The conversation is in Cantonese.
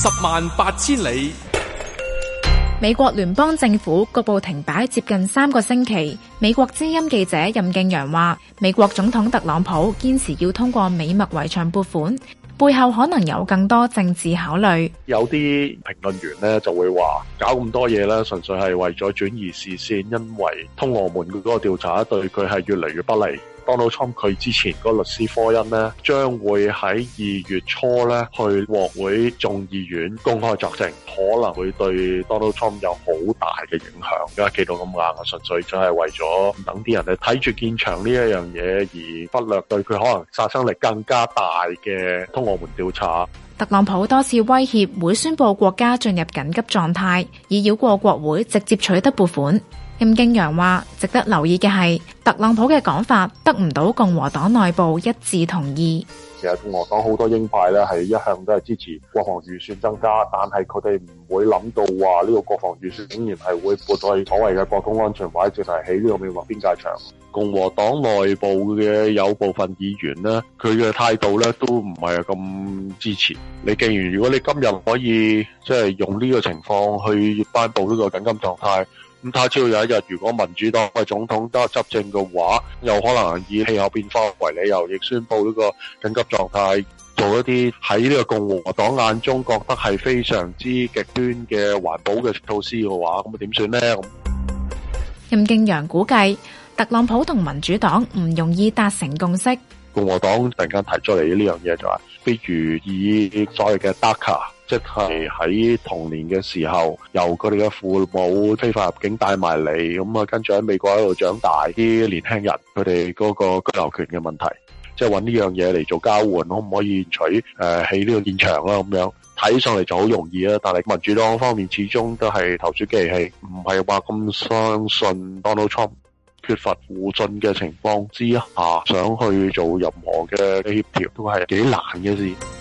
十萬八千里。美國聯邦政府局部停擺接近三個星期。美國之音記者任敬揚話，美國總統特朗普堅持要通過美墨圍牆撥款，背後可能有更多政治考慮。有啲評論員咧就會話，搞咁多嘢咧，純粹係為咗轉移視線，因為通俄門嘅嗰個調查對佢係越嚟越不利。Donald Trump 佢之前個律師科恩咧，將會喺二月初咧去國會眾議院公開作證，可能會對 Donald Trump 有好大嘅影響，因為企到咁硬，純粹真係為咗等啲人嚟睇住現場呢一樣嘢，而忽略對佢可能殺傷力更加大嘅通俄門調查。特朗普多次威脅會宣布國家進入緊急狀態，以繞過國會直接取得撥款。任敬揚話：值得留意嘅係，特朗普嘅講法得唔到共和黨內部一致同意。其實共和黨好多鷹派咧，係一向都係支持國防預算增加，但係佢哋唔會諗到話呢個國防預算竟然係會撥去所謂嘅國通安全，或者係喺呢個美國邊界牆。共和黨內部嘅有部分議員咧，佢嘅態度咧都唔係咁支持。你既然如果你今日可以即係、就是、用呢個情況去頒布呢個緊急狀態。咁他朝有一日，如果民主黨為總統得執政嘅話，有可能以氣候變化為理由，亦宣布呢個緊急狀態，做一啲喺呢個共和黨眼中覺得係非常之極端嘅環保嘅措施嘅話，咁啊點算咧？任敬揚估計特朗普同民主黨唔容易達成共識。共和黨突然間提出嚟呢樣嘢就話，比如以所謂嘅德卡。即係喺童年嘅時候，由佢哋嘅父母非法入境帶埋嚟，咁啊跟住喺美國喺度長大啲年輕人，佢哋嗰個居留權嘅問題，即係揾呢樣嘢嚟做交換，可唔可以取誒喺呢個現場啦？咁樣睇上嚟就好容易啦！但係民主黨方面始終都係投鼠忌器，唔係話咁相信 Donald Trump 缺乏互信嘅情況之下，想去做任何嘅協調都係幾難嘅事。